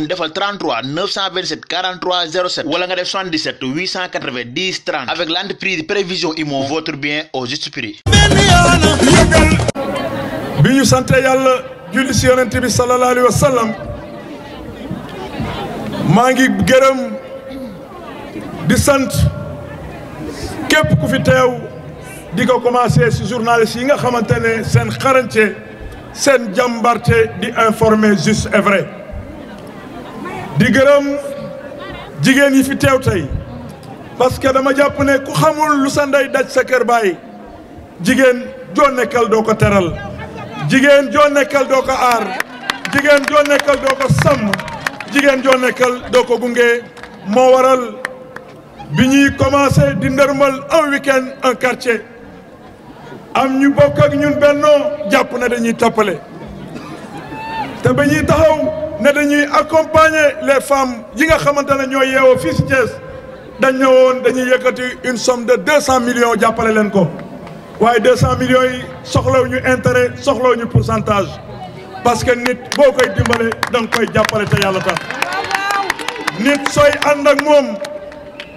ñun 33 927 43 07 wala nga def 77 890 30 avec l'entreprise prévision immo votre bien au juste prix. bi ñu sante yàlla julli si yonent bi sallallahu alayhi wa sallam ngi gërëm di sante képp ku fi teew di ko commencé si journaliste yi nga xamante ne seen di informer juste et vrai di gërëm jigéen yi fi teew tey parce que dama jàpp ne ku xamul lu sa ndey daj sa kër baay jigéen joo nekkal doo ko teral jigéen joo nekkal doo ko aar jigéen joo nekkal doo ko sàmm jigéen joo nekkal doo ko gunge moo waral bi ñuy commencé di ndërmal un week-end un quartier am ñu bokk ak ñun bennoo jàpp na dañuy tappale te ba ñuy taxaw ne dañuy accompagner les femmes yi nga xamante ne ñoo yeewoo fii si Thiès dañ ne woon dañuy yëkkati une somme de deux cent millions jàppale leen ko waaye deux cent millions yi soxlaw ñu intérêt soxlaw ñu pourcentage parce que nit boo koy dimbale da nga koy jàppale te yàlla tax nit sooy ànd ak moom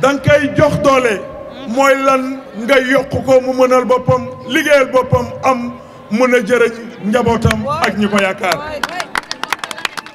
da koy jox doole mooy lan nga yokk ko mu mënal boppam liggéeyal boppam am mën a jëriñ njabootam ak ñi ko yaakaar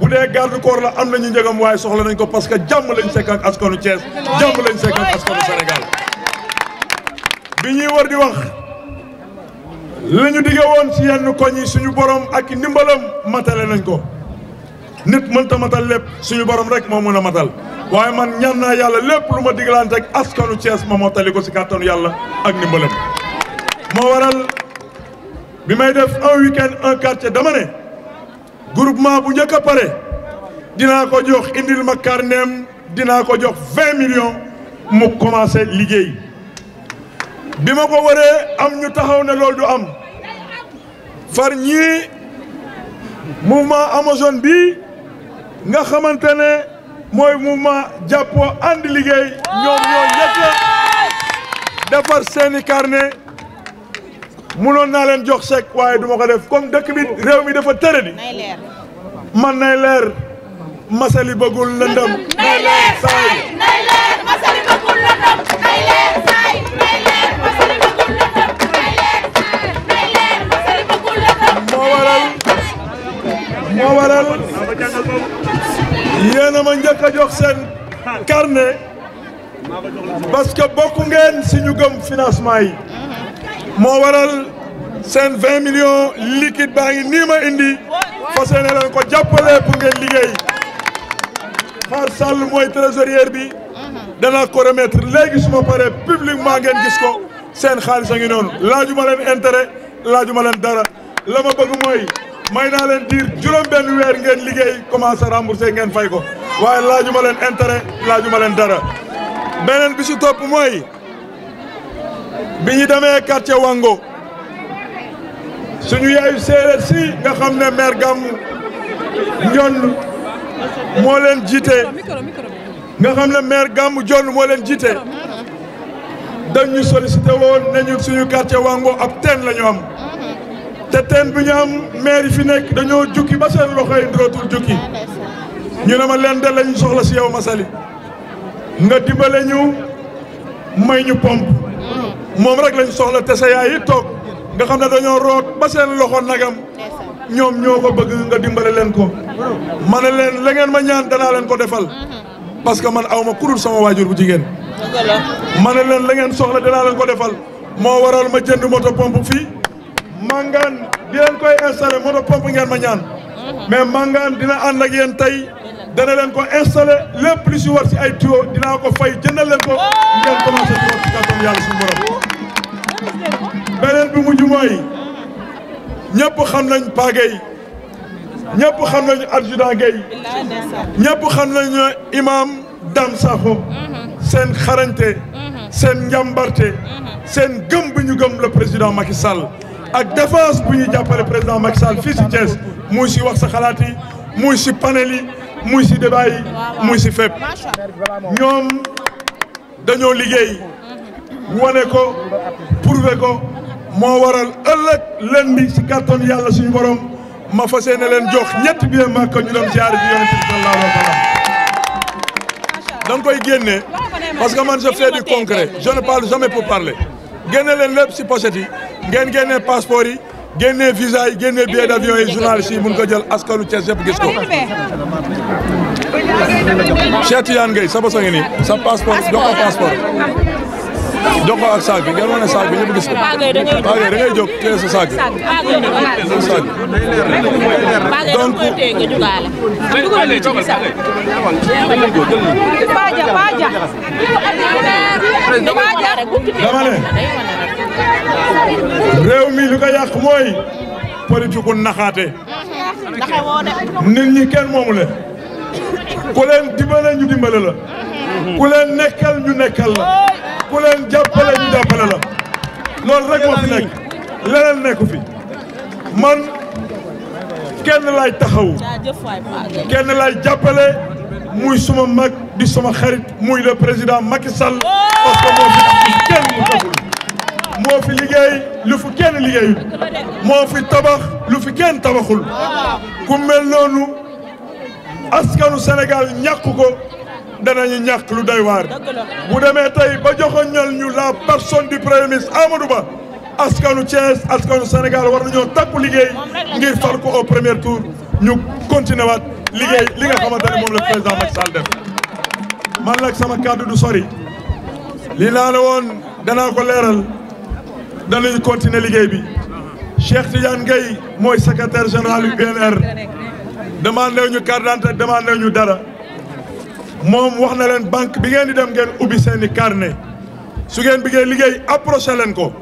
bu dee garde corps la am ñu njëgam waaye soxla nañ ko parce que jàmm lañ sekk ak askanu Thiès jàmm lañ sekk ak askanu Sénégal bi ñuy war di wax la ñu dige woon ci yenn koñ yi suñu borom ak ndimbalam matale nañ ko nit mënta matal lépp suñu borom rek moo mën a matal waaye man ñan naa yàlla lépp lu ma digalante ak askanu cees ma mottali ko ci kàttanu yàlla ak ndimbalam moo waral bi may def un week-end un quartier dama ne groupement bu njëkk a pare dinaa ko jox indil ma carnet dinaa ko jox vingt millions mu commencé liggéey bi ma ko waree am ñu taxaw ne loolu du am far ñii mouvement Amazone bi nga xamante ne mooy mouvement jàppoo ànd liggéey ñoom ñoo njëkk defar seeni carnet mënoon na len jox sek waye duma ko def comme dekk bi rew mi dafa tëradi man nay leer masali bëggul lëndëm nay leer saay nay leer masali bëggul lëndëm nay leer saay nay leer masali bëggul lëndëm nay leer saay nay leer masali bëggul lëndëm moo waral waral ma jox carnet parce que bokku ngeen si ñu gëm financement yi moo waral seen 20 millions liquide baa ngi nii ma indi fas yéene ko jàppale pour ngeen liggéey Far Sall mooy trésorier bi danaa ko remettre léegi su ma paree publiquement ngeen gis ko seen xaalis a ngi noonu laajuma leen intérêt laajuma leen dara la ma bëgg mooy may naa leen diir juróom benn weer ngeen liggéey commencé remboursé ngeen fay ko waaye laajuma leen intérêt laajuma leen dara beneen bi si topp mooy bi ñu demee quartier Wango suñu yaayu séeréer si nga xam ne maire Gamou Ndione moo leen jiite nga xam ne maire Gamou Ndione moo leen jiite dañu sollicité woon ne ñun suñu quartier Wango ab teen la ñu am te teen bi ñu am maire yi fi nekk dañoo jukki ba seen loxo yi ndootul jukki ñu ne ma leen de lañu soxla si yow Massaly nga dimbale ñu may ñu pompe mom rek lañ soxla té sa yaay yi toog nga xam ne dañoo root ba seen loxo nagam ñom ñoko bëgg nga dimbalé len ko mané len la ngeen ma ñaan dana len ko défal parce que man awma ma kudul sama wajur bu jigen mané len la ngeen soxla dana len ko défal mo waral ma jënd moto pompe fi mangan di len koy installer moto pompe ngeen ma ñaan mais mangan dina and ak yeen tay dana len ko installer lépp lu ci war ci ay tuyau dina ko fay jëndal len ko ngeen commencé ci katam yalla suñu borom beneen bi mujj mooy ñëpp xam nañ Pa Gueye ñëpp xam nañu adjudant Gueye ñëpp xam nañu imam Dame seen xarañte seen njàmbarte seen gëm bu ñu gëm le président Macky ak défense bu ñu jàppale président Macky Sall fii si Thiès muy si wax sa xalaat yi muy si panel yi muy si débat yi muy si fépp ñoom dañoo liggéey wane ko moo waral ëllëg lundi ci kàttan yàlla suñu borom ma fas yéene leen jox ñetti ma Màkka ñu doon ziar ji yonent sallallahu alayhi wa sallam koy parce que man je fais du concret je ne parle jamais pour parler génne leen lépp ci pochette yi ngeen génne passeport yi visa yi billet d'avion yi journal yi mun ko jël askanu Thiès yëpp gis ko. Cheikh Tidiane Gueye sa bosa ngi nii sa passeport jox passeport. jox ko ak saag bi ngeen wane saag bi ñëpp gis ko. paagay da ngay jóg téye sa saag bi. paagay da ngay jóg saag bi. mi lu ko yàq mooy politique gu naxaate. nit ñi kenn moomu leen. ku leen ñu dimbale la. ku leen nekkal ñu la. ku leen jàppale ñu jàppale la loolu rek moo fi nekk leneen nekku fi man kenn laay taxawu kenn laay jàppale muy suma mag di sama xarit muy le président Macky Sall parce que moo fi kenn mu taful moo fi liggéey lu fi kenn liggéeyul moo fi tabax lu fi kenn tabaxul ku mel noonu askanu Sénégal ñàkk ko danañu ñàkk lu doy waar bu demee tey ba joxoñal ñu la personne du premier ministre Amadou Ba askanu Thiès askanu Sénégal war nañoo takku liggéey ngir fal ko au premier tour ñu continué waat liggéey li nga xamante ne moom la président Macky Sall def man nag sama kàddu du sori li naa ne woon danaa ko leeral danañu continuer liggéey bi Cheikh Tidiane Gueye mooy secrétaire général UPNR demandé ñu carte d'identité demandé ñu dara mom wax na leen banque bi ngeen di dem ngeen ubbi seen carnet su ngeen bëggee liggéey approché len ko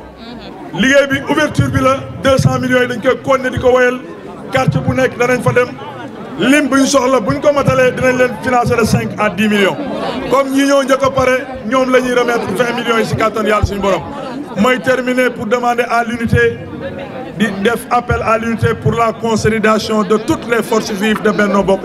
liggéey bi ouverture bi la 200 millions yi dañ koy continuer di ko woyal quartier bu nekk danañ fa dem lim buñ soxla buñ ko matalé dinañ len financer de à 10 millions comme ñi ñoo njëkk paré ñom lañuy remettre vingt millions ci carton kattan suñu borom mooy terminer pour demander à l'unité di def appel à l'unité pour la consolidation de toutes les forces vives de Benno Bokk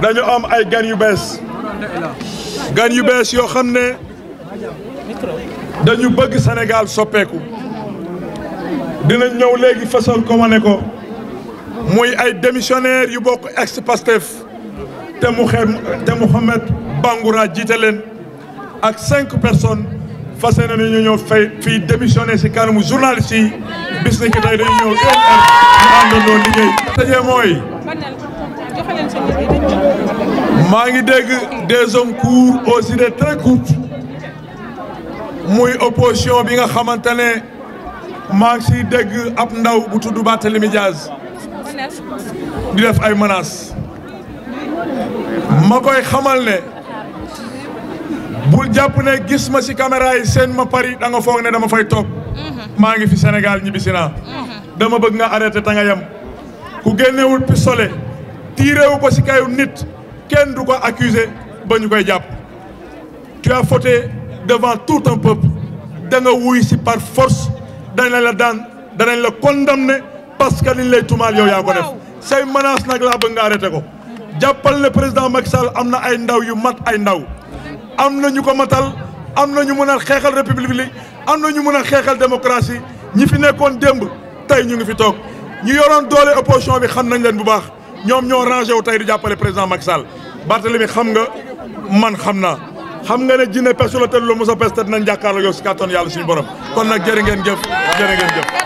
dañu am ay gan yu bees gan yu bees yoo xam ne dañu bëgg Sénégal soppeeku dina ñëw léegi fasal ko wane ko muy ay démissionnaire yu bokk ex Pastef te mu te Mouhamed Bangoura jiite leen ak cinq personnes fase ñu ñëw fay fii démissionné si kanamu journaliste yi bis ni ki tey dañu ñëw ñu àndandoo liggéey. tëjee mooy. maa ngi dégg des hommes courts aussi de très courtes muy opposition bi nga xamante ne maa ngi siy dégg ab ndaw bu tudd Barthélémy Dias di def ay menaces ma koy xamal ne bul jàpp ne gis ma si caméra yi seen ma Paris da nga foog ne dama fay toog mhm. maa ngi fi senegal ñibbisi naa mhm. dama bëgg nga arrêté tanga nga yem ku génnewul pistolet tiré au si kayu nit kenn du ko accusé koy tu as fauté devant tout un peuple da nga wuy si par force danañ la daan danañ la condamné parce que liñ lay tumaal yow yaa ko def say menace nag la Banga nga arrêté ko jàppal président Maxal, Amna am ay ndaw yu mat ay ndaw am ñu ko matal am ñu mën a république li am na ñu mën a xeexal démocratie ñi fi nekkoon démb tey ñu ngi fi toog ñu yoroon doole opposition bi xam nañ bu baax ñoom ñoo rangé wu tey di jàppale président Macky Sall Barthélemy xam nga man xam naa xam nga ne jinne pesu la te lu mos a pes te dinañ jàkkaarloo yow si kàttan yàlla suñu borom kon nag jërë ngeen jëf jërë ngeen